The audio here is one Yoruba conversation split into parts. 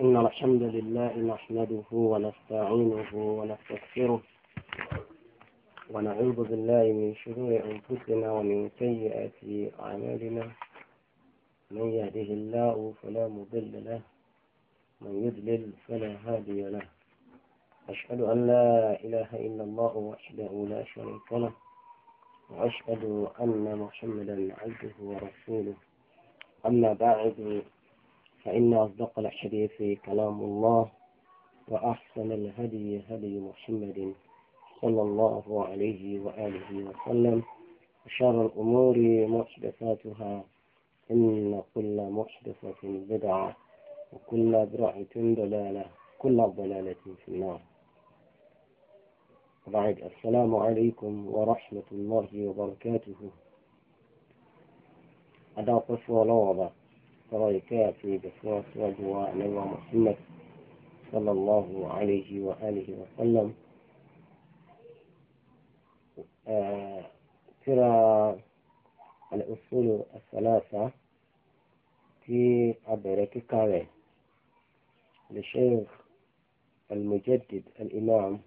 إن الحمد لله نحمده ونستعينه ونستغفره ونعوذ بالله من شرور أنفسنا ومن سيئات أعمالنا من يهده الله فلا مضل له من يضلل فلا هادي له أشهد أن لا إله إلا الله وحده لا شريك له وأشهد أن محمدا عبده ورسوله أما بعد فإن أصدق الحديث كلام الله وأحسن الهدي هدي محمد صلى الله عليه وآله وسلم وشر الأمور محدثاتها إن كل محدثة بدعة وكل برعة ضلالة كل ضلالة في النار بعد السلام عليكم ورحمة الله وبركاته أدعو قصوى لوضع رأيك في بصرات وجوى نبوى محمد صلى الله عليه وآله وسلم آه، ترى الأصول الثلاثة في عبرك كاري لشيخ المجدد الإمام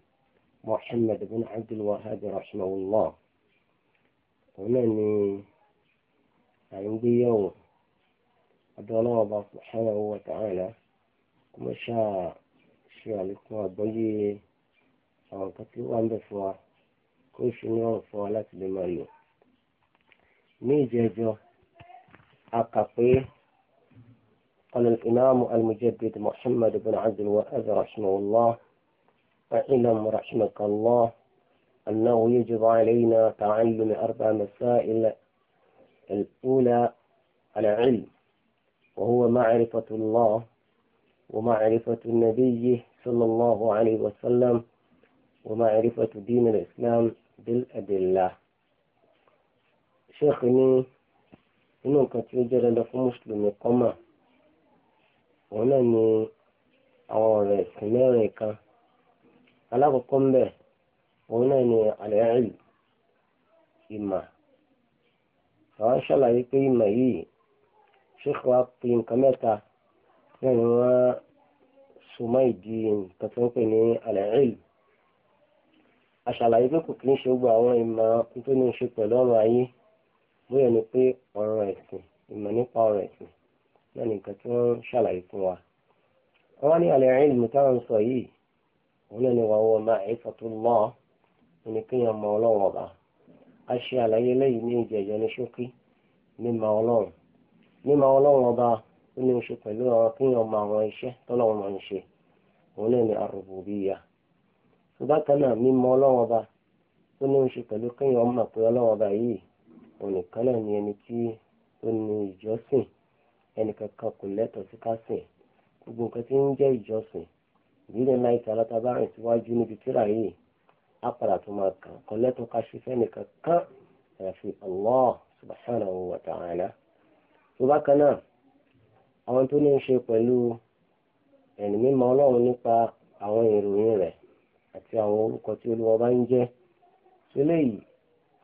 محمد بن عبد الوهاب رحمه الله هنا عندي يوم أدوان الله سبحانه وتعالى كما شاء شيئا لكوا بيه أو كتلوا كل شيء يوم نعم فوالات بمانو نيجي جو أكافي قال الإمام المجدد محمد بن عبد الوهاب رحمه الله أعلم رحمك الله أنه يجب علينا تعلم أربع مسائل الأولى العلم وهو معرفة الله ومعرفة النبي صلى الله عليه وسلم ومعرفة دين الإسلام بالأدلة شيخني إنه كتير لك مسلم قمة ونني أوري سميريكا alákọ̀ọ́kọ́ ń bẹ̀ òun náà ni àlẹ́ ìmà àwọn ṣàlàyé pé sheikh wa pe nǹkan mẹ́ta náà ni wọ́n súnmọ́ ìdí nǹkan tó ń pè ní al-ilm aṣàlàyé pé kò kí ń ṣe gbogbo àwọn ìmọ̀ tó ní í ṣe pẹ̀lú ọ̀rọ̀ ayé bóyá ni pé ọ̀rọ̀ ẹ̀sìn ìmọ̀ nípa ọ̀rọ̀ ẹ̀sìn náà ni nǹkan tí wọ́n ṣàlàyé fún wa wọ́n ní al-ilm táwọn sọ yìí òun náà ni wàá wọ ma'rifatullah ní kéèyàn mọ ọlọ́run ọba a ṣe àlàyé lẹ́yìn ní ìjẹ̀jọ́ ní ṣókí mímọ̀ ọlọ́run mímọ̀ ọlọ́run ọba ó ní oṣù pẹ̀lú àwọn kéèyàn mọ àwọn iṣẹ́ tọ́lọ́run máa ń ṣe òun náà ni àrùbùbíyà ṣùgbọ́n kan náà mímọ̀ ọlọ́run ọba ó ní oṣù pẹ̀lú kéèyàn mọ̀ pé ọlọ́run ọba yìí òun nìkan náà ni ẹni tí ó ní ìjọsìn ẹnì kankan kò lẹ́tọ̀ọ́ sí ká sìn gbogbo nǹkan tí ń jẹ́ ìjọsìn ìbílẹ̀ náà ìta alátabá rìn síwájú níbi tíra yìí á padà tó máa kàn kọ́ lẹ́tọ̀ọ́ ká ṣe fẹ́nìkan kán àyàfi Allah subhanahu wa ta'ala tó bákan náà àwọn tó ní í ṣe pẹ̀lú ẹ̀mí mímọ́ ọlọ́run nípa àwọn ìròyìn rẹ̀ àti àwọn orúkọ tí olúwa bá ń jẹ́ sílẹ̀ yìí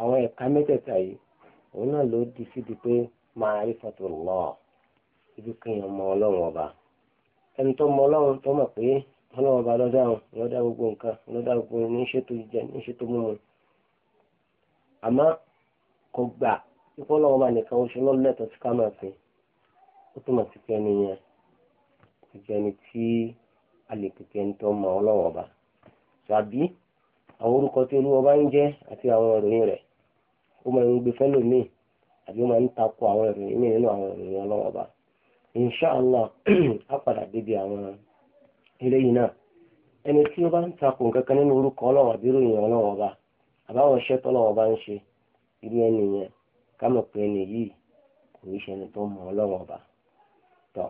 àwọn ẹ̀ka mẹ́tẹ̀ẹ̀ta yìí òun náà ló di síbi pé ma'rifatullah ibi kéèyàn mọ ọlọ́run ọba ẹni tó mọ ọlọ́run tó mọ̀ pé ọlọ́run ọba lọ́dá òun lọ́dá gbogbo nǹkan lọ́dá gbogbo ní ṣètò jíjẹ ní ṣètò mímu àmọ́ kò gbà kíkọ́ lọ́wọ́ bá nìkan oṣù lọ tó ti ká máa sìn ó túmọ̀ ẹni yẹn ti ẹni tí a lè pèpè ẹni tó mọ ọlọ́wọ́ ọba tàbí àwọn orúkọ tí olúwa bá ń jẹ́ àti àwọn ìròyìn ó máa ń gbé àbí ó máa ń takò àwọn ọba inṣàlá á padà débi àwọn eléyìí náà ẹni tí ó bá ń takò nínú orúkọ ọlọ́wọ́ àbí ìròyìn ọlọ́wọ́ ọba àbáwọn ká mọ̀ pé ẹni yìí kò ní ṣe ẹni tó mọ̀ ọlọ́run ọba tọ́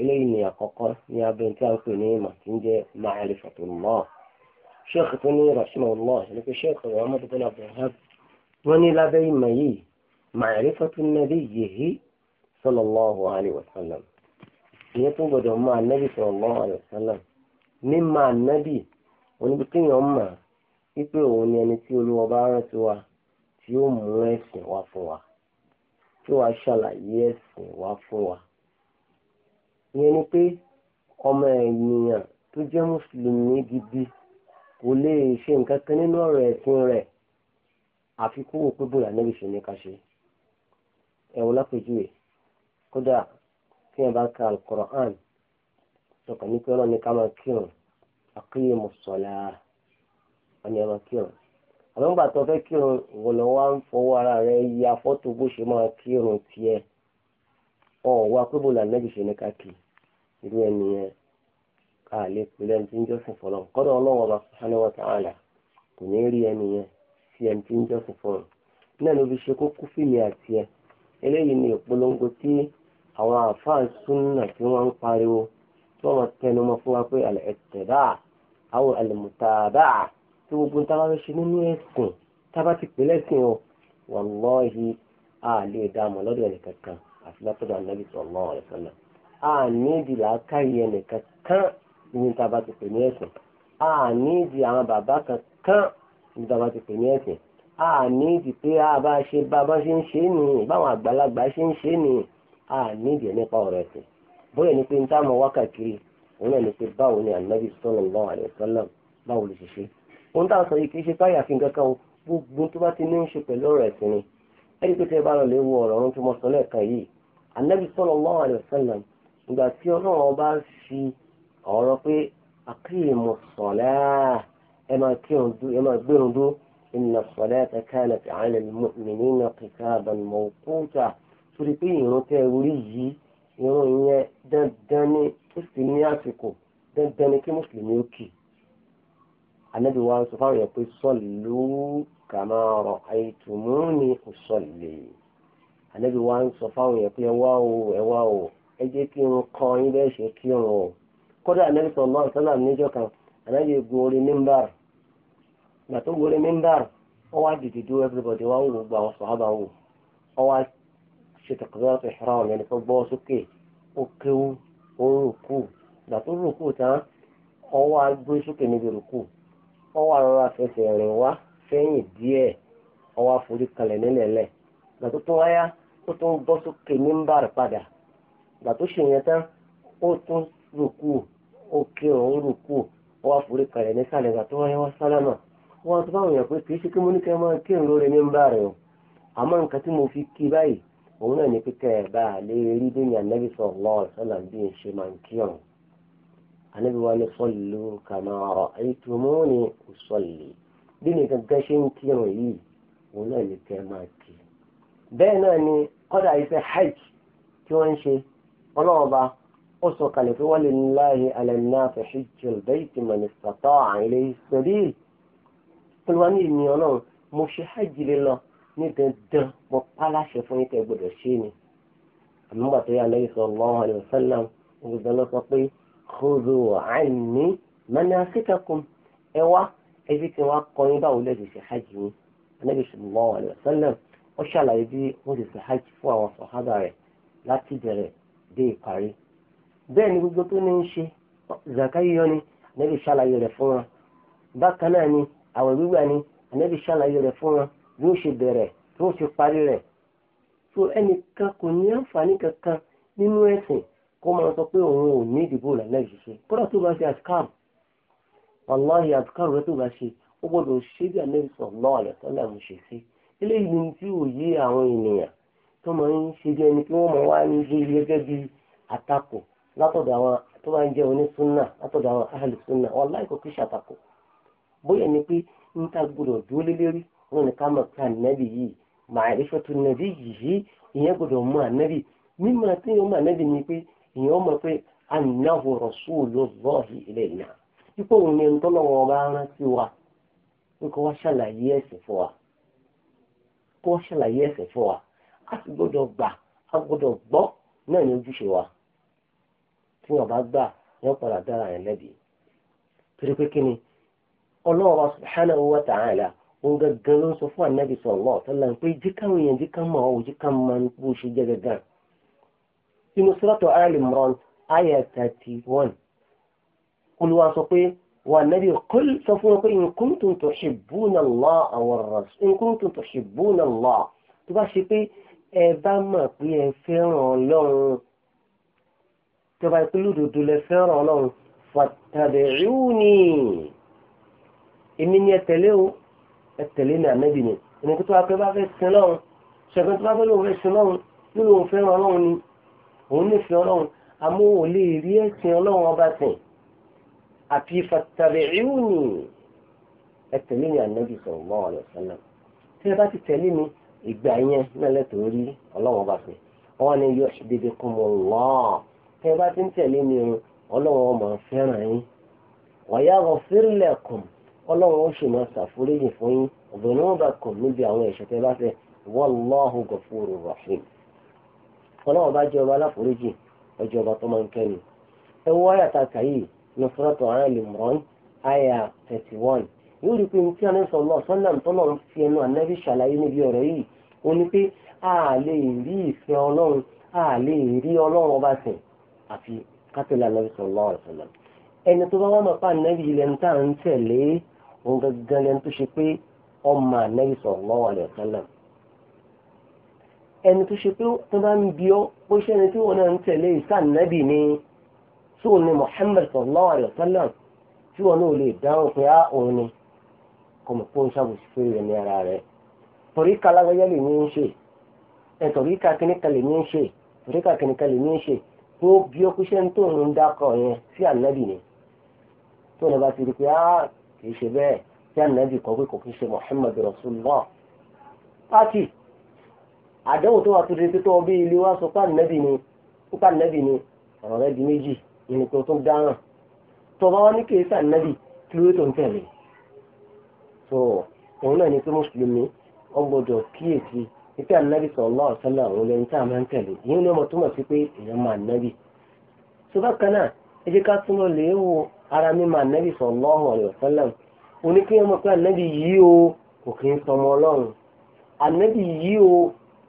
eléyìí ni àkọ́kọ́ ní abẹ́ tí a ń pè ní ìmọ̀ tí ń jẹ́ ma'rifatullah sheikh tó ní rahimahullah ẹni pé sheikh muhammad bin abdulhab wọ́n ní lábẹ́ ìmọ̀ yìí ma'rifatun nabiyyihi sallallahu alayhi wa sallam ìyẹn tó gbọdọ̀ mọ ànábì sallallahu alayhi wa sallam mímọ ànábì oníbi kéèyàn mọ̀ wípé òun ni ẹni tí olúwa bá rántí wa tí ó mú ẹ̀sìn wá fún wa tí wàá ṣàlàyé ẹ̀sìn wá fún wa. ìyẹn ni pé ọmọ ènìyàn tó jẹ́ mùsùlùmí gidi kò lè ṣe nǹkan kan nínú ọ̀rọ̀ ẹ̀sìn rẹ̀ àfi kó wò pé bóyá níbi ṣe ní ká ṣe. ẹ̀wọ̀n lápèjúwe kódà tí wọ́n bá ka alukoran sọ̀kan ní pé ọlọ́run ká máa kírun aqimu ssalah ọ̀nà ẹ̀rọ kírun àmọ́ nígbà tó fẹ́ kírun ìwọ̀lọ́ wa ń fọwọ́ ara rẹ̀ ya fọ́tò bó ṣe máa kírun tiẹ̀ ọ̀ wá pé bó la nẹ́bí ṣe ní ká kì irú ẹni yẹn ká lè pè lẹ́ni tí ń jọ́sìn fọlọ́ kọ́dọ̀ ọlọ́wọ́ bá sọ́ni wọ́n ta àlà kò ní rí ẹni yẹn sí ẹni tí ń jọ́sìn fọlọ́ náà ló fi ṣe kókó fìmí àti ẹ eléyìí ni ìpolongo tí àwọn àfáà súnà tí wọ́n ń pariwo tí wọ́n tẹnu mọ́ fún wa pé àlẹ́ ẹ̀tẹ̀dá àwọn àlẹ́ mùtàdáà tí gbogbo ń tábà fẹ́ ṣe nínú ẹ̀sìn tábà ti pè lẹ́sìn o wàlọ́ọ̀hì a lè dá mọ̀ lọ́dọ̀ ẹnìkankan àti látọ̀dọ̀ anábì sallallahu alaihi wasallam a ní ìdí làákàyè ẹnìkankan ní tábà ti pè ní ẹ̀sìn a ní ìdí àwọn bàbá kankan ní tábà ti pè ní ẹ̀sìn a ní ìdí pé a bá ṣe bá bá ṣe ń ṣe nìyí báwọn àgbàlagbà ṣe ń ṣe nìyí a ní ìdí nípa ọ̀rọ̀ ẹ̀sìn bóyá ni pé ń táwọn wákàkiri òun náà ni pé báwo ni anábì sallallahu alaihi wasallam báwo ló ṣe ṣe ohun tá à ń sọ yìí kì í ṣe káyà fi nǹkan kan gbogbo tó bá ti ní í ṣe pẹ̀lú ọ̀rọ̀ ẹ̀sìn ni ẹni pé tẹ bá lọ lè wo ọ̀rọ̀ ọ̀run tí mo sọ lẹ́ẹ̀kan yìí anabi sallallahu alaihi wasallam ìgbà tí ọlọ́run bá fi ọ̀rọ̀ pé aqimu ssalah ẹ máa gbérun dó inna ssalata kanat ala al-mu'minina kitaban mawquta torí pé ìrun tẹ orí yìí ìrun yẹn dandan ní kí mùsùlùmí ó kì í anabi wa sọ fáwọn yẹn pé sọlù kàmá ọrọ àìtùmú ni òsọlè anabi wa sọ fáwọn yẹn pé ẹwà o ẹwà o ẹ jẹ́ kí n kọ́ yín bẹ́ẹ̀ ṣe kí n o kódà anabi sọlọ sọlá níjọ́ kan anabi gun mímbàr gbà tó gun mímbàr ó wá dìde dúró everybody wá ń wo gbogbo àwọn sọ̀hábà wò ó wá ṣe tàkùrọ̀ ìṣòro àwọn ẹni tó gbọ́ sókè ó kéwú ó rùkú gbà tó rùkú tán ó wá gbé sókè níbi wọ́n wà rọra fẹsẹ̀ rìn wá sẹ́yìn díẹ̀ wọ́n wá forí kalẹ̀ nílẹ̀lẹ̀ gbà tó tún wáyá ó tún bọ́ sókè padà gbà tó ṣèyẹn tán ó tún rùkú ó kírun ó rùkú wọ́n wá forí kalẹ̀ nísàlẹ̀ gbà tó wáyá wá sálámà wọ́n tó báwọn yàn pé kì í ṣe kí mo ní kẹ́ máa kírun lórí mímbàrì o àmọ́ nǹkan tí mo fi kí báyìí òun náà ní pípẹ́ ẹ̀ bá a lè rí bí ànábi wa ni sọ́ọ̀lù kama ra'aytumuni usalli bí ni gàgá ṣe ń kírun yìí òun náà lè kẹ́ máa kí. bẹ́ẹ̀ náà ni kọ́dà iṣẹ́ hajj tí wọ́n ń ṣe ọlọ́run bá ó sọ kalẹ̀ pé walillahi ala nnasi hijjul bayti man istata'a ilayhi sabil olùwà ní ìní ọlọ́run mo ṣe hajj lè lọ ní dandan mo pàláṣẹ fún yín tẹ́ gbọ́dọ̀ ṣe ni àmúgbà tó yà lẹ́yìn sallallahu alaihi wasallam ògùdàn lọ sọ pé khudhu anni manasikakum ẹ wá ẹbí tí wọ́n kọ́ yín báwo lẹ́ẹ̀dì ṣe hajj yín anabi sallallahu alaihi wasallam ó ṣàlàyé bí wọ́n ti ṣe hajj fún àwọn sọ̀hábà rẹ̀ láti bẹ̀rẹ̀ dé ìparí bẹ́ẹ̀ ni gbogbo tó ní ń ṣe zakayọ ni anabi ṣàlàyé rẹ̀ fún wọn bákan náà ni àwọn gbígbà ni anabi ṣàlàyé rẹ̀ fún wọn bí ó ṣe bẹ̀rẹ̀ tó ṣe parí rẹ̀ so ẹnìkan kò ní àǹfààní kankan nínú ẹ̀sìn kó máa sọ pé òun ò ní ìdìbò lálẹ́ ìṣiṣẹ́ kódà tó bá ṣe àtikáàrù wàláhì àtikáàrù rẹ tó bá ṣe ó gbọ́dọ̀ ṣe bí Ànábì sallallahu alaihi wasallam ṣe sí eléyìí ni tí ò yé àwọn ènìyàn tó máa ń ṣe bí ẹni pé wọ́n máa wá ní ilé gẹ́gẹ́ bí àtakò látọ̀dọ̀ àwọn tó bá ń jẹ́ látọ̀dọ̀ àwọn súnà kí bóyá ni pé ìyẹn ó mọ̀ pé annahu rasulullahi ilayna ipò òun ni ntọ́lọ́wọ́ ọba rántí wa pé kó ṣàlàyé ẹ̀sìn fún wa ṣàlàyé fún wa a sì gbọ́dọ̀ gbà a gbọ́dọ̀ gbọ náà ní ojúṣe wa tí wọn bá gbà padà dára yẹn torí pé kíni ọlọ́wọ́ ló ń sọ fún anabi sallallahu alaihi wasallam pé jíkàwé yẹn jíkàmọ́ ò jíkàmọ́ bó ṣe jẹ́ sínú sọ́tọ̀ Al-Imran àyà thirty one olùwà sọ pé wà nàbí kúl sọ fún wọn pé in kuntum tuhibbuna Allah wa rasul in kuntum tuhibbuna Allah tó bá ṣe pé ẹ bá mọ̀ pé ẹ fẹ́ràn ọlọ́run tó bá pé lódodo lẹ fẹ́ràn ọlọ́run fattabi'uni èmi ni ẹ tẹ̀lé o ẹ tẹ̀lé ní ànábì ni ẹnìkan tó bá fẹ́ sin lọ́run ṣẹ̀gbọ́n tó bá fẹ́ lóun fẹ́ sin lọ́run lóun fẹ́ràn ọlọ́run ni. òun nífẹ̀ẹ́ ọlọ́run amóhùn lè rí ẹ̀sìn ọlọ́run ọba sìn àfi fattabi'uni ẹ tẹ̀lé ní ànábì sallallahu alaihi wasallam tí ẹ bá ti tẹ̀lé mi ìgbà yẹn náà lẹ́tọ̀ọ́ rí ọlọ́run ọba sìn wọn ni yuhbibkumullah tí ẹ bá ti ń tẹ̀lé mi ọlọ́run ọmọ fẹ́ràn yín wa yaghfir lakum ọlọ́run ó máa ṣàforíjì fún yín dhunubakum níbi àwọn ẹ̀ṣẹ̀ tẹ́ bá fẹ́ wallahu ghafurur ọlọ́run bá jẹ́ ọba aláforíjì ọjọ́ ọba tó máa ń kẹ́ni. ẹ wọ àyà tá a kà yìí ní Suratu Al Imran àyà thirty one yóò rí i pé ní tí anáṣọ lọ sọ́nà tọ́lọ̀ ń fi ẹnu ànábì ṣàlàyé níbi ọ̀rọ̀ yìí ó ní pé a lè rí ìfẹ́ ọlọ́run a lè rí ọlọ́run ọba sìn àfi kátólà ànábì sallallahu alaihi wasallam ẹni tó bá wọ́n mọ̀ pa ànábì ilẹ̀ ń tà ń tẹ̀lé òun gangan lẹ́nu tó ṣe pé ọmọ ànábì sallallahu alaihi wasallam ẹni tó ṣe pé tó bá ń bí ọ ó ṣe ẹni tí wọn náà ń tẹ̀lé ìsàn nábì ni sóò ni Muhammad sallallahu alayhi wa sallam tí wọn náà lè dáhùn pé á ah, òun ni kò mọ̀ pé ó ń ṣàbòsí pé rẹ̀ ní ara rẹ̀ torí ká alágbáyá lè ní í ṣe ẹ torí ká kíníkà lè ní í ṣe torí ká kíníkà lè ní í ṣe tó bí ó kú ṣe ń tó ń dákọ̀ yẹn sí ànábì ni tó ní bá ti rí pé á ah, kì í ṣe bẹ́ẹ̀ sí ànábì kan pé kò kí ṣe Muhammad rasulullah àdéhùn tó wà tó ṣe tó bí ilé wa sọ pa nẹ́bì ni púpà nẹ́bì ni ọ̀rọ̀ rẹ di méjì ìrìn tó tún dáràn tó bá wọn ní kì í sà kí ló tó ń tẹ̀lé so òun náà ni pé mùsùlùmí wọn kíyèsí ipe ànábì sallallahu alaihi àwọn olóyìn tá a máa ń tẹ̀lé ìyẹn ni ọmọ túmọ̀ sí pé èèyàn máa nẹ́bì so bákan náà ẹ jẹ́ ká túnmọ̀ lè wo ara mi máa nẹ́bì sallallahu alaihi wasallam oníkéèyàn mọ̀ pé ànábì yìí o kò kí ń sọmọ ọlọ́run ànábì yìí o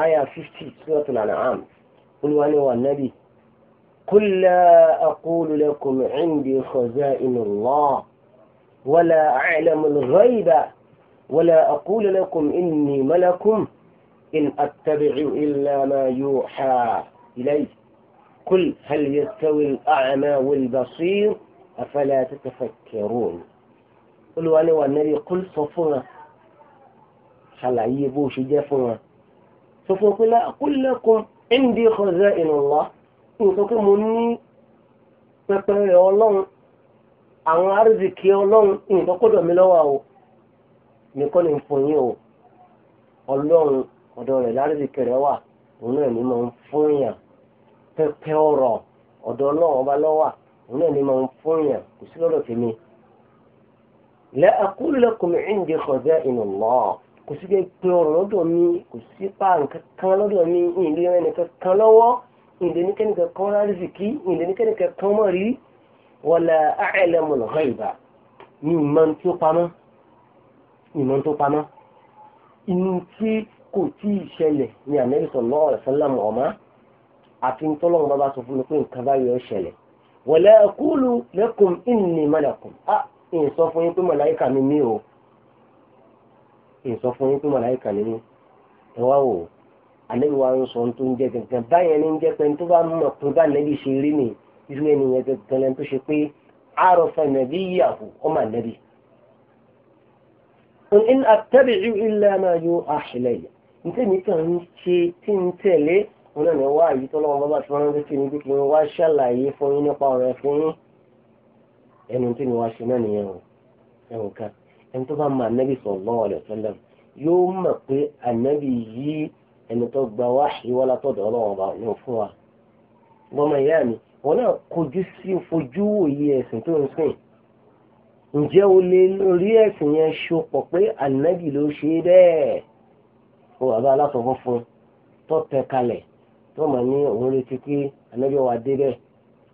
آية 50 سورة الأنعام قل وأنا والنبي قل لا أقول لكم عندي خزائن الله ولا أعلم الغيب ولا أقول لكم إني ملك إن أتبع إلا ما يوحى إلي قل هل يستوي الأعمى والبصير أفلا تتفكرون قل وأنا والنبي قل صفونا خلعي عيبوش جفونا sọ fún pé qul lakum indi khaza'inullah nǹkan pé mo ní pẹpẹ rẹ ọlọ́run àwọn arzikì ọlọ́run nǹkan kó dọ̀ mí lọ́wọ́ o nìkan ní fún yín o ọlọ́run ọ̀dọ̀ rẹ̀ lárídìkì rẹ̀ wà òun náà ní máa ń fún yàn pẹpẹ ọ̀rọ̀ ọ̀dọ̀ ọlọ́run ọba lọ́wà òun náà ní máa ń fún yàn kò sí lọ́dọ̀ tèmi. la aqulu lakum indi khaza'inullah kò sí pé ọ̀rọ̀ lọ́dọ̀ mi kò sí páàrùn kankan lọ́dọ̀ mi ìlú ẹni kankan lọ́wọ́ ìdẹ́nikẹ́nikẹ́ kan rárísì kí ìdẹ́nikẹ́nikẹ́ kan mọ̀ rí wala a'lamu al-ghaiba ní ìmọ̀ tí ó pamọ́ tó pamọ́ inú tí kò tí ì ṣẹlẹ̀ ní Ànábì sallallahu alaihi ọ̀má àti tọ́lọ́run bá bá sọ fún mi pé nǹkan báyìí ó ṣẹlẹ̀ wala aqulu lakum inni malakun ah ìsọ fún yín pé màláìkà mi mí o ìsọ fún yín pé màláìkà ni mí ẹ wá wò ànábì wa ń sọ ohun tó ń jẹ gẹ́gẹ́ báyẹn ní ń jẹ pé tó bá mọ̀ pé bá ànábì ṣe rí ni irú ènìyàn gẹ́gẹ́ lẹni tó ṣe pé àròfẹ nàbí yíyàwó ọmọ ànábì. in attabi'u illa ma yuha ilayya nítorí mi kàn ń ṣe tí ń tẹ̀lé wọn náà ní wá àyè tó lọ́wọ́ bàbá tí wọ́n sí ni bí kí n wá ṣàlàyé fún yín nípa ọ̀rọ̀ fún yín ẹnu tí mi wá ṣe náà nìyẹn o ẹ̀wọ̀n kan ẹni tó bá mọ anabi sallallahu alaihi wasallam yóò mọ̀ pé anabi yí ẹni tó gba wáhí wá látọ̀dọ̀ ọlọ́wọ́n bá yóò fún wa. gbọ́mọ ìyá mi wọn náà kojú sí fojú òye ẹ̀sìn tó ń sìn ǹjẹ́ o lè rí ẹ̀sìn yẹn ṣopọ̀ pé anabi ló ṣe bẹ́ẹ̀ o bàbá alásọ̀fún fún tó tẹ kalẹ̀ tó mọ̀ ní òun retí pé anabi wà débẹ̀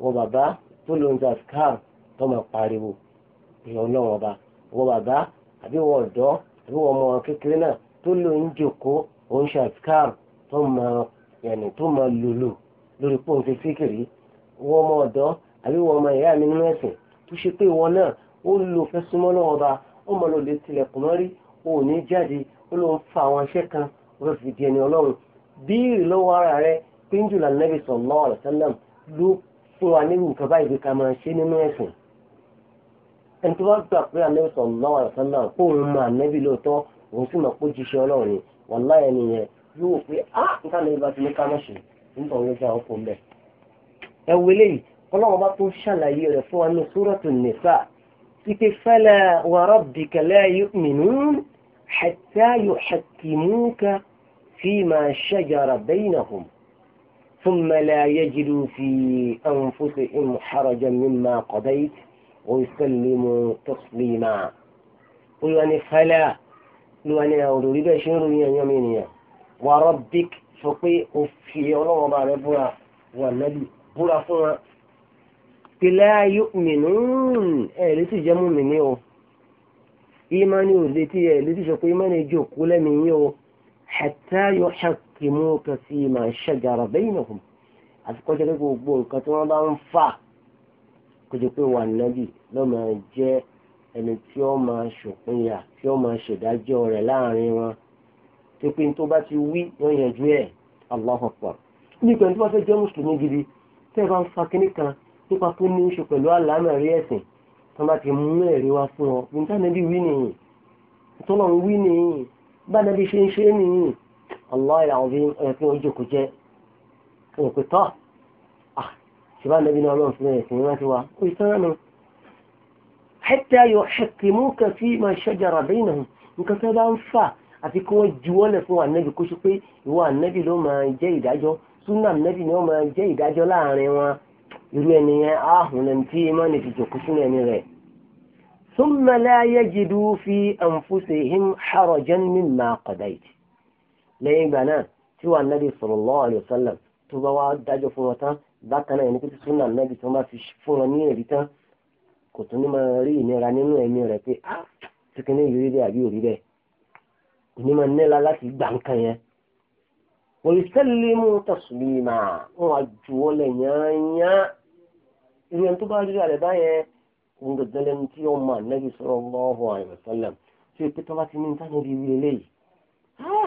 wọ bàbá tó lóun jà skar tó mọ̀ pariwo ìyọ̀ ọlọ́wọ́n bá wọ bàbá àbí wọ ọ̀dọ́ àbí wọ ọmọ kékeré náà tó lò ń jòkó òun ṣe àtikáàrù tó mọ yẹnì tó mọ lòlò lórí pòun ṣe síkìrì wọ ọmọ ọ̀dọ́ àbí wọ ọmọ ìyá mi nínú ẹ̀sìn tó ṣe pé ìwọ náà ó lò fẹ́ súnmọ́ lọ́wọ́ ba ó mọ lò lè tilẹ̀kùn mọ́rí ó ní jáde ó ló ń fa àwọn aṣẹ́ kan ó fi di ẹni ọlọ́run bíìrì lọ́wọ́ ara rẹ pé ń jùlọ nàbì fún wa nínú nǹkan báyìí bí ká máa ṣe nínú ẹ̀sìn ẹni tó bá gbà pé ànábì sallallahu alaihi wasallam kó òun mọ ànábì lóòótọ́ òun sì mọ̀ pé jíṣẹ́ ọlọ́run ni wallahi ẹni yẹn yóò pé á nǹkan lè bá ti ní kámọ́ ṣe nígbà wọn gbà ọkọ̀ mbẹ́. ẹ wele yìí ọlọ́run bá tó ṣàlàyé rẹ̀ fún wa ní Suratul Nisa ike fala wa rabbika la yu'minun hatta yuhakkimuka fima shajara bainahum thumma la yajidu fi anfusihim harajan mimma qadayta ويسلموا تسليما ولواني فلا لواني أولوري بشيرو يمينيا وربك فقي أفي الله باربوا والنبي بلا فوا لا يؤمنون إيه لتجمو مني إيماني وزيتي إيه لتجمو إيماني جوكو منيو. حتى يحكموك فيما شجر بينهم أفكر جلقوا بول كتوان بانفاق kójú pé wà nábì ló máa jẹ́ ẹni tí ó máa ṣòpinya tí ó máa ṣèdájọ́ rẹ̀ láàrin wọn tó pé tó bá ti wí wọ́n yanjú ẹ̀ Allahu Akbar nígbà tó bá fẹ́ jẹ́ mùsùlùmí gidi tẹ́ ẹ bá ń fa kínní kan nípa pé ní í ṣe pẹ̀lú àlámẹ̀rí ẹ̀sìn tó bá ti mú ẹ̀rí wá fún ọ níta níbi wí nìyí tọ́lọ̀ ń wí nìyí bá nàbí ṣe ń ṣe nìyí Allah ya'zim ẹ̀fín ojú kò jẹ́ òkè tọ́ ṣùgbọ́n ànábì náà ọlọ́run fún ẹ̀sìn rántí wa ó yẹ sọ́rọ́ nù. hatta yuhaqqimuka fima shajara bainahum nǹkan tó bá ń fà àti kí wọ́n juwọ́lẹ̀ fún ànábì kó ṣe pé ìwọ ànábì ló máa jẹ́ ìdájọ́ súnà ànábì ni wọ́n máa jẹ́ ìdájọ́ láàrin wọn irú ẹni yẹn áhùn lẹ́nu tí imáni fi jòkó sínú ẹni rẹ̀. ثم لا يجدوا في أنفسهم حرجا مما قضيت لأن بنا النبي صلى الله عليه وسلم تبوا دجف bákan náà ẹni pé tí súnà nẹ́bí tí wọ́n bá fi fún wọn ní ẹ̀rí tán kò tún ní máa rí ìnira nínú ẹ̀mí rẹ̀ pé á tí kìíní yìí rí bẹ́ẹ̀ àbí ò rí bẹ́ẹ̀ kò ní máa nílá láti gbà nǹkan yẹn. ويسلموا تسليما وعجوا لنيانيا irú ẹni tó bá rí rẹ̀ báyẹn òun gẹ̀gẹ́ lẹ́nu tí ó máa nẹ́bí sallallahu alaihi wasallam tí ó pé tó bá ti ní nǹkan yẹn bí wí eléyìí. Ah,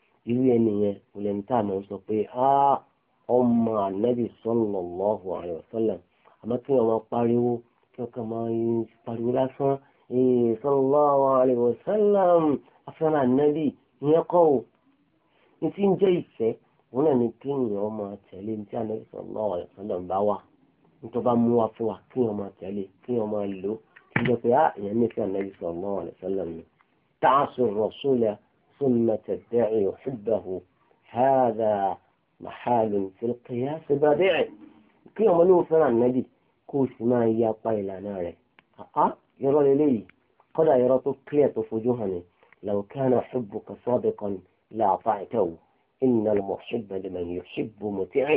irú ẹni yẹn kò lẹ́ni tá a máa ń sọ pé ọmọ ànábì sallallahu alaihi wasallam àmọ́ kí wọ́n máa pariwo kí wọ́n kàn máa pariwo lásán sallallahu alaihi wasallam afẹ́ràn ànábì ìyẹn kọ́ o ní tí ń jẹ́ ìfẹ́ òun náà ni kí èèyàn máa tẹ̀lé ní tí ànábì sallallahu alaihi wasallam bá wà nítorí bá mú wa fún wa kí èèyàn máa tẹ̀lé kí èèyàn máa lò ó kí èèyàn pé èèyàn سنة الداعي حبه هذا محال في القياس بادع kí ọmọ ló fẹ́ràn ànábì kó o sì máa ya pa ìlànà rẹ̀ àá irọ́ lélẹ́yìí kọ́dà irọ́ tó kílẹ̀ tó fojú hàn ní لو كان حبك صادقا لأطعته إن المحب لمن يحب مطيع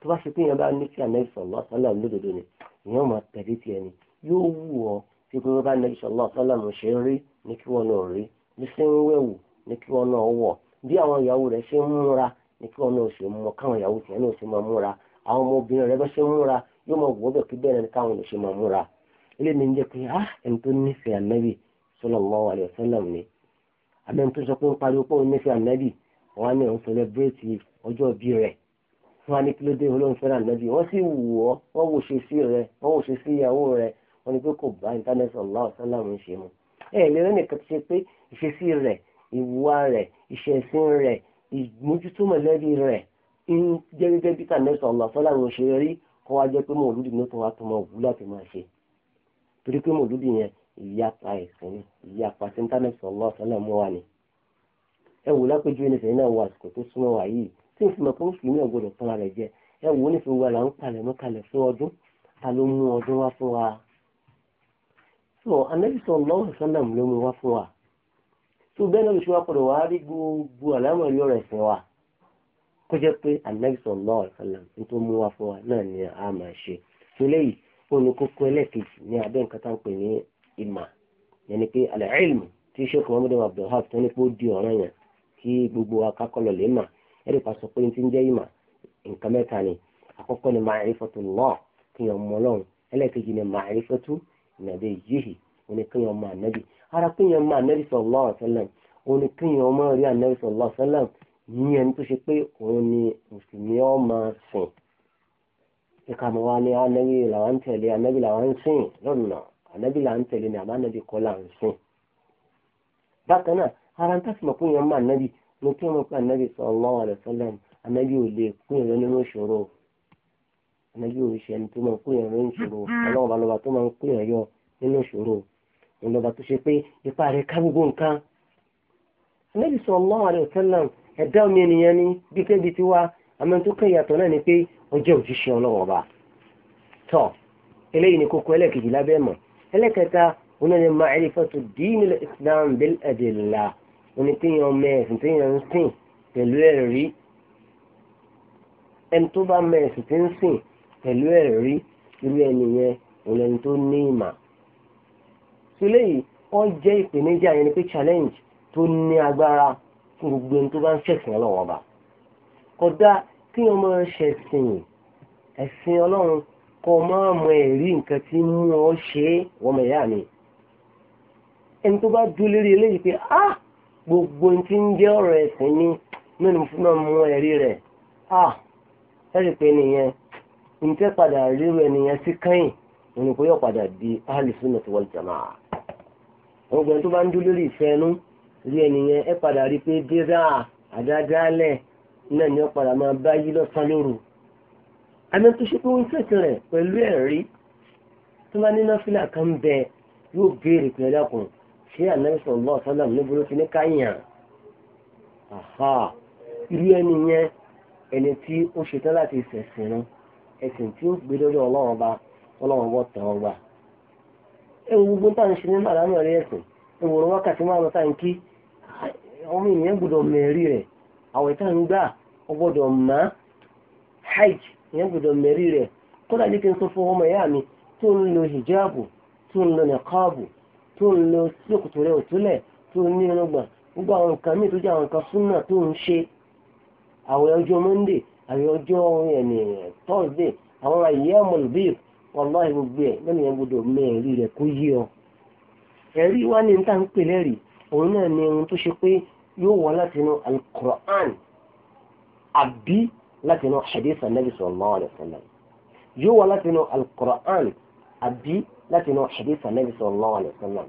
tó bá ṣe pé yẹn bá ní kí ànábì sallallahu alaihi wasallam lódodo ni ìyẹn máa tẹ̀lé tiẹ̀ ni yóò wù ọ́ tí pé bá ànábì sallallahu alaihi wasallam ṣe rí ní kí wọ́n náà rí ní sẹ́yìn wẹ̀wù ní kí wọn náà wọ̀ bí àwọn ìyàwó rẹ̀ ṣe ń múra ní kí wọn náà ṣe mọ káwọn ìyàwó tiẹ̀ náà ṣe máa múra àwọn ọmọbìnrin rẹ̀ bá ṣe ń múra yóò máa wọ́ bẹ̀ kí bẹ́ẹ̀ ni káwọn ò ṣe máa múra ilé mi ń jẹ́ pé ah ẹni tó nífẹ̀ẹ́ ànábì sallallahu alaihi wasallam ni àbẹ́ni tó sọ pé ń pariwo pé òun nífẹ̀ẹ́ ànábì wọn á òun sẹlẹbírẹ́tì ọjọ́ bí rẹ̀ fún wa olóhùn fẹ́ràn ànábì wọ́n sì wù ọ́ wọ́n wò ṣe sí wọ́n wò ṣe ìwà rẹ̀ ìṣẹ̀sìn rẹ̀ ìmójútó mọ̀lẹ́bí rẹ̀ ń jẹ́ gẹ́gẹ́ bí tànẹ́sọ̀ ọ̀làfọ́lá àwọn òṣèré rí kọ́ wa jẹ́ pé mọ̀lúdì ní tó wá tó máa wù láti máa ṣe torí pé mọ̀lúdì yẹn ìyapa ẹ̀sìn ìyapa sí tànẹ́sọ̀ ọ̀làfọ́lá mọ́ wa ni. ẹ wò lápẹjù ẹnìfẹ̀ẹ́ náà wọ àsìkò tó súnmọ́ wa yìí tí n fi mọ̀ pé mùsùlùmí ọ̀gbọ́dọ̀ tọ́ra rẹ̀ jẹ ẹ wò nífẹ̀ẹ́ wa là ń palẹ̀ mọ́ kalẹ̀ fún ọdún ta ló mú ọdún wá fún wa. so anẹ́bí sọ lọ́wọ́ sọ́lá ló mú wá fún wa tó bẹ́ẹ̀ náà ló ṣe wá padà wá rí gbogbo àlámọ̀rí ọ̀rọ̀ ẹ̀sìn wa kó jẹ́ pé anabi sallallahu alaihi wasallam tó mú wa fún wa náà ni a máa ṣe tó léyìí ó ní kókó ẹlẹ́ẹ̀kejì ní abẹ́ nǹkan tá à ń pè ní ìmà yẹn ni pé al-ilmu tí sheikh muhammed abdulhaq tó ní pé ó di ọ̀ràn yẹn kí gbogbo akákọ̀lọ̀ lè mà ẹ̀rì ní ara kéèyàn máa nẹ́bí sallallahu alaihi wasallam òun ni kéèyàn ọmọ rí ànẹ́bí sallallahu alaihi wasallam yín ẹni tó ṣe pé òun ni mùsùlùmí ọ máa sìn ìka mọ̀ wá ní ànẹ́bí làwa ń tẹ̀lé ànẹ́bí làwa ń sìn lọ́nà ànẹ́bí là ń tẹ̀lé ni àbá ànẹ́bí kọ́ là ń sìn. bákan náà ara ń tàṣìmọ̀ pé èèyàn máa nẹ́bí mo kí wọn pé ànẹ́bí sallallahu alaihi wasallam ànẹ́bí ò lè kún ìrẹ́ nínú ìṣòro ànẹ́bí ò ṣe ẹni tó máa kún ìrẹ́ nínú ìṣòro ọlọ́wọ́ bá lọ́ba tó máa ń yọ nínú ìṣòro ìlọba tó ṣe pé ipá rẹ̀ ká gbogbo nǹkan. Ànábì sallallahu alaihi wasallam ẹ̀dá omi ènìyàn ní bí kébi ti wá àmọ́ tó kẹ́ ìyàtọ̀ náà ni pé ọjọ́ òjíṣẹ́ ọlọ́wọ́ bá. tọ́ eléyìí ni kókó ẹlẹ́kejì lábẹ́ mọ̀ ẹlẹ́kẹta onídìí ma'rifatu dinil islam bil adilla oníkéèyàn ọmọ ẹ̀sìn téèyàn ń sìn pẹ̀lú ẹ̀rí ẹni tó bá mọ ẹ̀sìn tí ń sìn pẹ̀lú ẹ̀rí irú ẹni yẹn òun ẹni tó ní ìmọ̀ tó wọ́n jẹ́ ìpèníjà yẹn ni pé challenge tó ní agbára fún gbogbo ẹni tó bá ń ṣẹ̀sìn ọba tí ọ ṣe é wọ́n mọ̀ ẹ̀yà mi ẹni tó bá dúró lérí eléyìí pé ah gbogbo ohun tí ń jẹ́ ọ̀rọ̀ ẹ̀sìn ni fún ogun tó bá ń dúró lórí ìfẹ́nu rí ẹnìyẹn ẹ padà rí pé dírà àdádálẹ̀ náà ni ó padà máa bá yí lọ́sàn-án lóru àmì tó ṣe pé wọ́n fẹ̀sìn rẹ̀ pẹ̀lú ẹ̀rí tó bá ní náfìlà kan bẹ yóò béèrè pé ẹlẹ́kùn ṣé ànábì sallallahu alaihi wasallam níbo ló ti ní káyàn irú ẹni yẹn ẹni tí ó ṣetán láti fẹ̀sìn rẹ̀ ẹ̀sìn tí ó gbé lórí ọlọ́run ọba ọlọ́run ọwọ́ tẹ̀ ọ́ ẹwọ gbogbo tá à ń ṣe nínú àlámọ̀ rẹ̀ ẹ̀sìn ìwòrán wákàtí máa lọ́ta ń kí ọmọ ènìyàn gbọ́dọ̀ mẹ́rí rẹ̀ àwẹ̀ tá à ń gbà ọgbọ́dọ̀ mọ́ hajj ìyẹn gbọ́dọ̀ mẹ́rí rẹ̀ kódà ní kí n sọ fún ọmọ ìyá mi tó ń lo hijabu tó ń lo niqabu tó ń lo síòkòtò rẹ̀ òtúlẹ̀ tó ń ní irungba gbogbo àwọn nǹkan míì tó jẹ́ àwọn nǹkan súnà tó ń ṣe àwẹ̀ ọjọ́ monday àwẹ̀ ọjọ́ thursday àwọn àyè ọmọlùbíyì wàláhì gbogbo ẹ̀ lẹ́nu yẹn gbọdọ̀ mẹ ẹ̀rí rẹ̀ kó yí ọ. ẹ̀rí wá ní níta ń pè lẹ́rìí òun náà ni ohun tó ṣe pé yóò wá láti inú alukur'an àbí láti inú hadith anabi sallallahu alayhi wa sallam yóò wá láti inú alukur'an àbí láti inú hadith anabi sallallahu alayhi wa sallam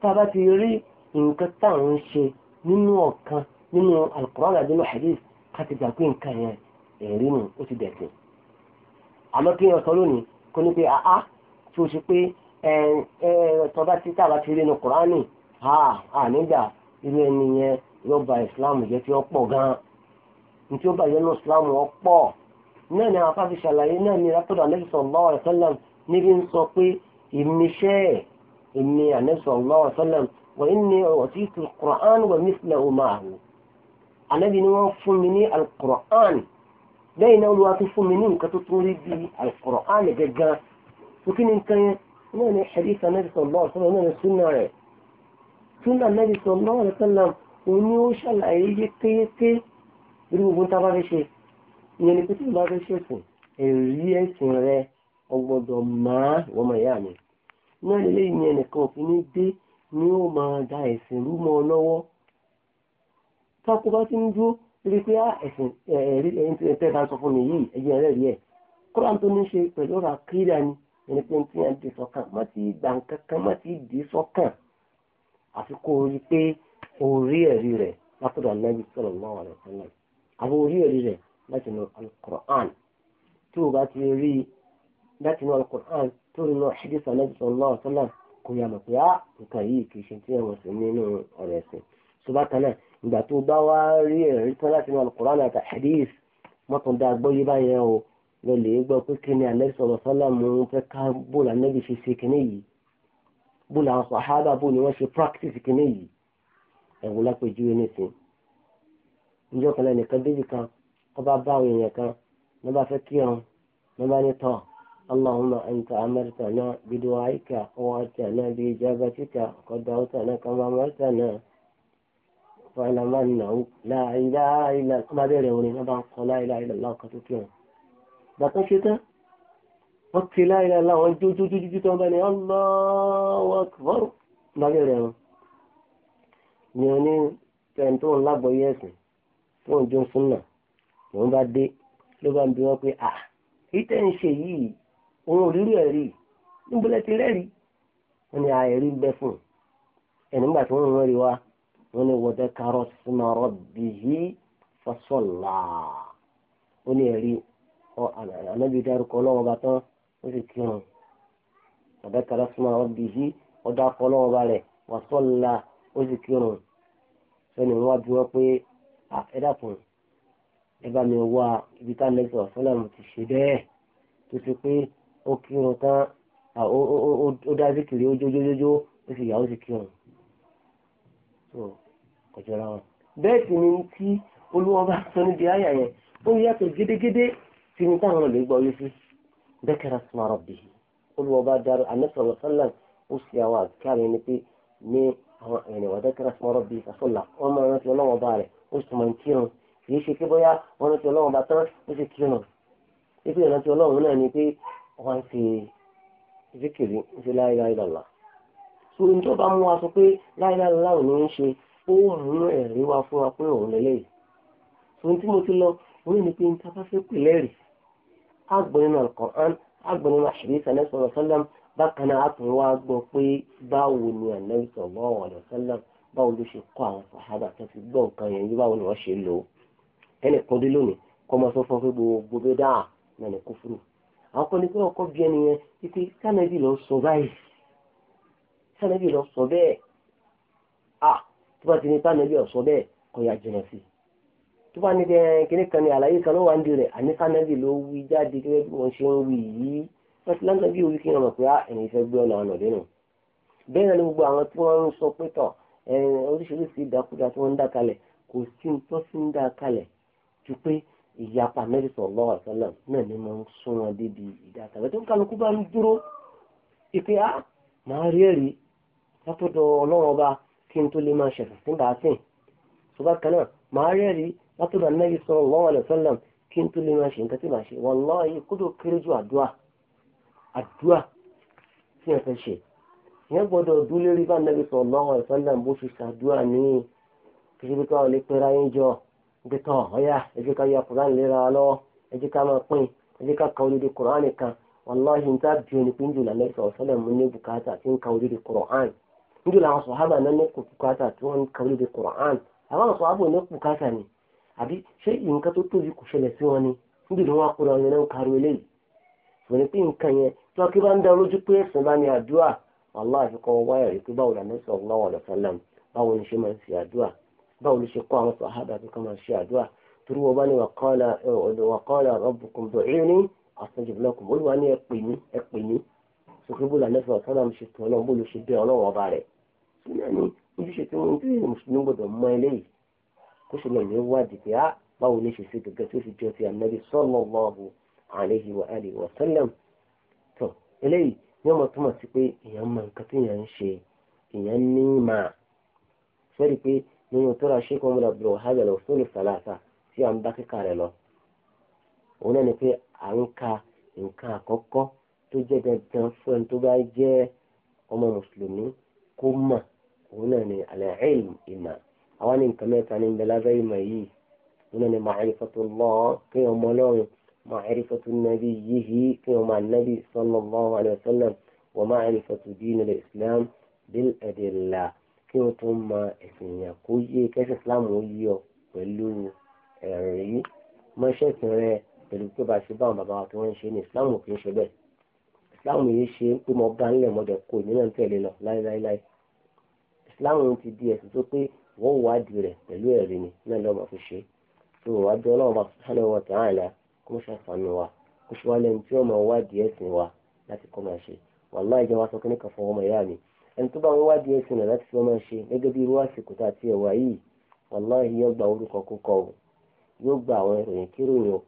tá a bá ti rí nǹkan tá à ń ṣe nínú ọ̀kan nínú alukur'an àbí nínú hadith ká ti gbà pé nǹkan yẹn ẹ̀rí mu ó ti dẹ̀ sìn àmọ́ kí n yọ lónìí kò ní pé àá tí o ṣe pé tọ́ba tí tàbá ti rí inú kùránì à nígbà irú ẹni yẹn yóò ba ìsìláàmù jẹ́ tí ó pọ̀ gan-an ní tí ó bá yẹn ní ìsìláàmù ó pọ̀ náà ni àwọn afáfi ṣàlàyé náà ni rápẹ́dọ̀ Ànábì sallallahu alaihi wasallam níbi ń sọ pé ìmíṣẹ́ ìmí Ànábì sallallahu alaihi wọ́n ní ọ̀tí kùránì wọ́n mí sílẹ̀ ọmọ àwọn Ànábì ni wọ́n fún mi ní alukùránì lẹ́yìn náà olúwa tún fún mi ní nǹkan tó tún rí bí Al-Qur'an gẹ́gẹ́ tó kí ni nǹkan yẹn náà ni hadith Nabi sallallahu alaihi wasallam náà ni súnà rẹ̀ súnà Nabi sallallahu alaihi wasallam òun ni ó ṣàlàyé yékéyéké lórí gbogbo tá a bá fẹ́ ṣe ìyẹn ni pété bá fẹ́ ṣèsìn ẹ̀rí ẹ̀sìn rẹ ọgbọ́dọ̀ máa wọ́n máa mi náà lè léyìn yẹn nìkan òfin ní dé ni ó máa da ẹ̀sìn rú lọ́wọ́ tó bá ti ń dúró Ah, rí pé ẹ̀sìn ẹ̀rí ẹ̀ńtẹ́ bá ń sọ fún mi yìí ẹ̀yìn ẹ̀rẹ́ rí ẹ̀ kọ́lá tó ní ṣe pẹ̀lú ọ̀rọ̀ àkídà ni ẹni pé tí a dì sọ́kàn má ti gbà nǹkan kan má ti dì sọ́kàn àfi kó o rí pé o rí ẹ̀rí rẹ̀ látọ̀dọ̀ anábì sallallahu alaihi wasallam àbò rí ẹ̀rí rẹ̀ láti nu alukur'an tí o bá ti rí láti nu alukur'an tó rí nu hadith anábì sallallahu alaihi wasallam kò yà mọ̀ pé á ah, nǹkan yìí kì í ṣe tí ẹ̀ wọ̀ nínú ọ̀rọ̀ ẹ̀sìn ṣùgbọ́n kan náà ìgbà tó bá wá rí ẹ̀rí tán láti inú alukur'an àti hadith mọ́tàn dá gbọ́ yí báyẹn o lọ lè gbọ́ pé kí ni anabi sọ̀rọ̀ sọ́lá mú un fẹ́ ká bóòlù anabi ṣe ṣe kíní yìí bóòlù àwọn sàhábà bóòlù wọ́n ṣe practice kíní yìí ẹ̀wù lápẹ̀júwe nìsín níjọ́ kan lẹ́nu kan débi kan wọ́n bá bá àwọn èèyàn kan wọ́n bá fẹ́ kí wọn wọ́n bá ní tán اللهم أنت أمرتنا بدعائك ووعدتنا بإجابتك وقد دعوتنا كما أمرتنا ọ̀làmà nàwó láìláìlà tó bá bẹ̀rẹ̀ orin wọ́n bá ń kọ láìláìlà láǹkan tó kírun bàtán ṣe tán wọ́n ti láìláìlà wọ́n jójójójú tó ń bá ní ọlọ́wọ́kọ́rọ̀ bá bẹ̀rẹ̀ wọn ni wọ́n ní ẹni tó ń lágbọ́ yẹ ẹ̀sìn tó ń jó súnà lòun bá dé ló bá ń bi wọ́n pé à ìtẹ̀ ń ṣe yìí òun ò rírú ẹ̀rí wọn ni wa dhakara isma rabbihi fa salla ó ní ẹ̀rí ànábì dárúkọ ọlọ́wọ́ bá tán ó sì kírun wa dhakara isma rabbihi ọ̀dà kọ ọlọ́wọ́ bá rẹ̀ fa salla ó sì kírun sẹ́ni wọ́n wá bí wọ́n pé ẹ dàpọ̀ ẹ bá mi wá ibi tá nẹ́sọ̀ fúlàmù ti ṣe bẹ́ẹ̀ tó pé ó kírun tán ó dá síkìrì ó jójójójó ó sì yà ó sì kírun kò jọra wọn bẹ́ẹ̀ sì ni tí olúwa bá sọ níbi àyà yẹn ó yàtọ̀ gédégédé tí ní táwọn ọ̀nà lè gbọ́ yé sí bẹ́kẹ̀rẹ̀ sọ̀rọ̀ bì í olúwa bá darú anẹ́sọ̀rọ̀ sọ́lá ó ṣe àwọn àkàrà ẹni pé ní àwọn ẹ̀rìn wà bẹ́kẹ̀rẹ̀ sọ̀rọ̀ bì í sọ́lá wọ́n máa rántí ọlọ́wọ́n bá rẹ̀ ó sì máa ń kírun kì í ṣe pé bóyá wọ́n rántí ọlọ́wọ́n bá tán ó sì kírun ibi ìrántí ọlọ́run náà ni pé wọ́n ti zikiri ń ṣe láìláìlọ́lá so ní tó bá mú wa sọ pé láìláìlọ́lá ò ní ń ṣe ó mú ẹ̀rí wá fún wa pé òun lélẹ̀ yìí ohun tí mo ti lọ orí mi pé n ta bá fẹ́ pè lẹ́rìí àgbọn nínú Al-Qur'an àgbọn nínú àṣírí sàlẹ̀ sọ̀rọ̀ sálàm bákan náà àtún wá gbọ́ pé báwo ni Ànábì sallallahu alaihi wasallam báwo ló ṣe kọ́ àwọn sàhábà tó fi gbọ́ nǹkan yẹn yìí báwo ni wọ́n ṣe lò ó ẹnì kan dé lónìí kọ́ máa sọ fún ọ pé gbogbo bẹ́ẹ̀ dáa náà ní kúfúrú àwọn kan ní pé ọkọ bí ẹni yẹn títí sànẹ́bì lọ sọ báyìí sànẹ́bì lọ sọ bẹ́ẹ̀ ah tó bá ti ní sànẹ́bí ọ̀sọ́ bẹ́ẹ̀ kò yà jìnà sí tó bá ní bẹ́ẹ̀ kíní kan ní àlàyé kan ló wà ń di rẹ̀ àní sànẹ́bí ló wí jáde gẹ́gẹ́ bí wọ́n ṣe ń wí yìí wọ́n ti lọ́nà bí orí kí wọ́n mọ̀ pé ah, ẹ̀yìn fẹ́ gbé ọ̀nà ọ̀nà lẹ́nu bẹ́ẹ̀ ni gbogbo àwọn tí wọ́n ń sọ pé tọ̀ oríṣiríṣi ìdákúdá tí wọ́n ń dá kalẹ̀ kò sí tó sì ń dá kalẹ̀ ju pé ìyapa Ànábì sallallahu alaihi náà ni mo ń sún wọn débi ìdákalẹ̀ tó ń kálukú bá ń dúró ìpè ah, á máa rí ẹ̀rí látọ̀dọ̀ ọlọ́run ọba kí n tó lè máa ṣẹ̀sìn sí bá a sìn tó bá kan náà màá rẹ́rìí látọ̀dọ̀ anábì sallallahu alaihi wasallam kí n tó lè máa ṣe nǹkan tí màá ṣe wallahi kódò kéré ju àdúrà àdúrà tí wọ́n fẹ́ ṣe ìyẹn gbọ́dọ̀ dún lérí bá anábì sallallahu alaihi wasallam bó ṣe ṣàdúrà ní kìsìbí ká ò lè pera yín jọ níbi tán ọ̀yà ẹ jẹ́ ká ya kùrán lera lọ́wọ́ níjọ́ làwọn sọ̀hábà náà ní kùkátà tí wọ́n ń kàwé lóde Qur'an àwọn sọ̀hábà ní kùkátà ni àbí ṣé nǹkan tó tóbi kò ṣẹlẹ̀ sí wọn ni eh, níjọ́ ni wọ́n kóra ọyàn náà ń kariwo eléyìí ṣùgbọ́n ní pé nǹkan yẹn tí wọ́n kí bá ń dá lójú pé ẹ̀sìn bá ní àdúrà wàhálà àfikọ́ wáyà rẹ̀ pé báwo la mẹ́sàn án lọ́wọ́ ọ̀dọ̀ sálàm báwo ni ṣe máa ń ṣe àdúrà báwo náà ni ojúṣe tí wọn ti mùsùlùmí gbọ́dọ̀ mọ eléyìí kó ṣe lọ ní wádìí pé á ah, báwo ni ṣe ṣe gẹ́gẹ́ tó fi jọ ti ànábì sallallahu alaihi wa alihi wa sallam tó eléyìí ni wọn túmọ̀ sí pé èèyàn mọ nǹkan tí èèyàn ń ṣe èèyàn ní mà sẹ́rí pé nínú tó ra ṣékùn ọmọdé abdul wahab al usul salasa tí à ń bá kíkà rẹ lọ òun náà ni pé à ń ka nǹkan àkọ́kọ́ tó jẹ́ dandan fún ẹni tó bá jẹ́ ọmọ mùsùlùmí kó mọ̀ òun náà ni al-ilm ìmọ̀ àwọn ní nǹkan mẹ́ta ní ìdẹ́lábẹ́ ìmọ̀ yìí òun náà ni ma'rifatullah kí wọ́n mọ lọ́rùn ma'rifatun nabiyyihi kí wọ́n máa nábì sallallahu alayhi wa sallam wa ma'rifatu dinil islam bil adilla kí wọ́n tún mọ ẹ̀sìn yẹn kó yé kẹ́sì islam ó yí ọ pẹ̀lú ẹ̀rí mọ́ṣẹ́sìn rẹ pẹ̀lú pé bá a ṣe bá àwọn bàbá wa tí wọ́n ń ṣe ní islam kì í ṣe bẹ́ẹ̀ islam yìí ṣe pé mo bá ń lẹ̀ mọ́jọ kó nínú tẹ̀lé lọ láíláíláí islam ti di ẹ̀sìn tó pé wọ́n di rẹ̀ pẹ̀lú ẹ̀rí ni náà lọ́mọ fi ṣe tó wà bí ọlọ́run bá wa ta'ala kó ṣàfàánú wa kó ṣe wá lẹ́nu tí wọ́n máa wa láti kọ́ máa ṣe wàláhì ìjọba sọ kí nìkan fún ọmọ ìyá mi ẹni tó bá ń wádìí ẹ̀sìn rẹ̀ láti fi máa ṣe gẹ́gẹ́ bí irú àsìkò tá a ti ẹ̀wà yìí wàláhì yóò gba orúkọ kúkọ o yóò gba àwọn ìròyìn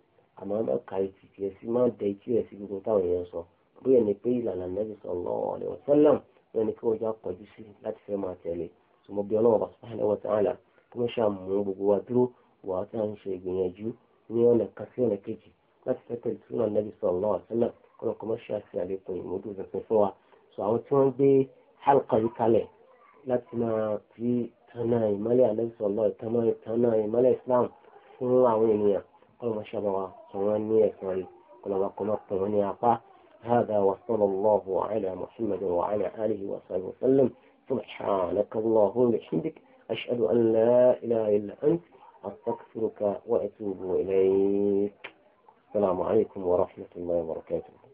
náà ni kí wọ́n já kọjú sí láti fẹ́ máa tẹ̀lé sọmọ bí ọlọ́wọ́ subhanahu wa ta'ala kí wọ́n ṣàmú gbogbo wa dúró wà á tàn ṣe ìgbìyànjú ní ọ̀nà kan sí ọ̀nà kejì láti fẹ́ tẹ̀lé sínú ànábì sallallahu alaihi wasallam kọ́nà kọ́mọ́ ṣe àti àlékún ìmúdù tuntun fún wa sọ àwọn tí wọ́n gbé halqa yìí kalẹ̀ láti máa fi tànà ìmọ́lẹ̀ ànábì sallallahu alaihi tànà ìmọ́lẹ̀ Islam fún àwọn ènìyàn kọ́nà mọ́ ṣàbàwà sọ wọ́n ní ẹ̀sán rẹ̀ kọ́nà wà هذا وصلى الله على محمد وعلى آله وصحبه وسلم سبحانك اللهم وبحمدك أشهد أن لا إله إلا أنت أستغفرك وأتوب إليك السلام عليكم ورحمة الله وبركاته